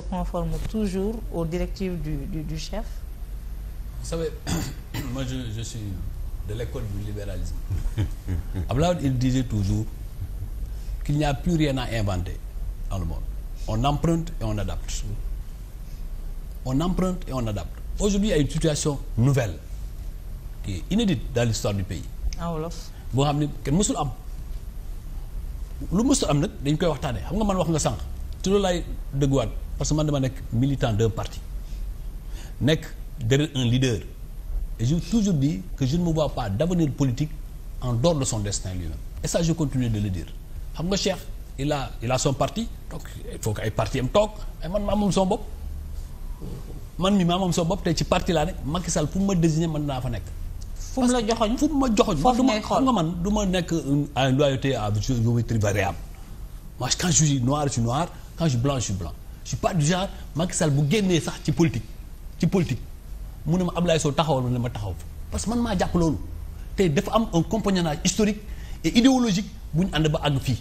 se conforme toujours aux directives du du, du chef vous savez moi je, suis de l'école du libéralisme Ablaye il disait toujours qu'il n'y a plus rien à inventer dans le monde on emprunte et on adapte on emprunte et on adapte aujourd'hui il y a une situation nouvelle qui est inédite dans l'histoire du pays boo xam ne kenn mësul am lu mësul am nag dañ koy waxtaanee xam nga man wax nga sànq te loolu laay dëgguwaat parce que man dama nekk militant de parti nekk de un leader et j'ai toujours dit que je ne me vois pas d'avenir politique en dehors de son destin lui et ça je continue de le dire xam nga Cheikh il a son parti donc il faut que ay parti am toog ay man maa moom son bopp man mi maa moom son bopp te ci parti laa nekk Macky Sall fu ma désigner man naa fa nekk. fu mu joxoñ fu mu ma joxoñ foofu ngay xool nga man du ma nekk à une loyauté à géométrie variable moi quand je suis blanc je suis blanc pas du genre Macky Sall bu génnee sax ci politique ci politique mu ne ma Abdoulaye Sow taxawal ma ne ma taxaw fa parce que man maa jàpp loolu te dafa am un compagnonnage historique et idéologique bu ñu ànd ba àgg fii.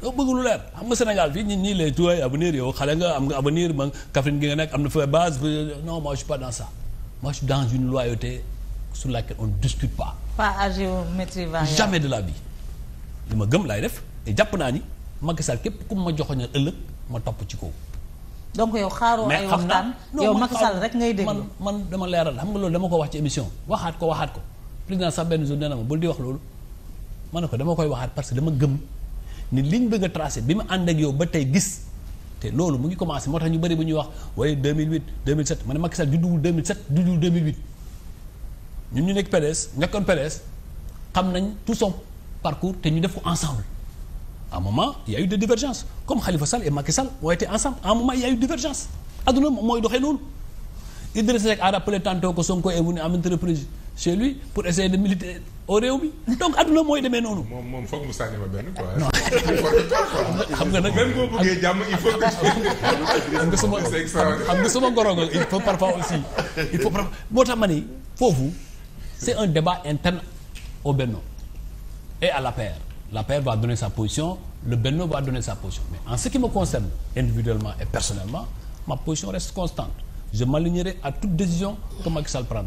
doo bëgg lu leer xam nga Sénégal fii ñun ñii lay tuwaay avenir yow xale nga am nga avenir man Kaffrine gi nga nekk am na fa base non moi je suis pas dans ça moi je suis dans une loyauté sur laquelle on discute pas. jamais de la vie. li ma gëm laay def et jàpp naa ni. Macky képp ku ma joxoñal ëllëg ma topp ci kaw. donc yow xaaroo ay waxtaan yow Macky Sall rek ngay dégg man man dama leeral xam nga loolu dama ko wax ci émission waxaat ko waxaat ko président sax benn jour nee na ma bul di wax loolu ma ne ko dama koy waxaat parce que dama gëm li ñu bëgg a bi ma ànd ak yow ba tey gis te loolu mu ngi commencé moo tax ñu bëri bu ñuy wax waaye 2008 2007 ma ne Macky Sall judduwul 2007 judduwul 2008 ñu nekk PDS nekkoon PDS xam nañ tout son parcours te ñu def ko ensemble à moment il y a eu comme Khalifa Sall et Macky Sall ont été ensemble à un moment il y a eu divergence adduna mooy doxee noonu Idrissa a rappelé tantôt que Sonko chez lui pour essayer de militer au réew mi donc adduna mooy demee noonu. moom moom foog mu sànni ma benn quoi. non xam nga nag même boo bëggee jàmm il xam nga sama xam nga sama ngoro nga il faut parfois aussi il faut parfois moo tax ma ni foofu c'est un débat interne au Benno et à la paire. l'APR va donner sa position le Benno va donner sa position mais en ce qui me concerne individuellement et personnellement ma position reste constante je m'alignerai à toute décision que Macky Sall prendra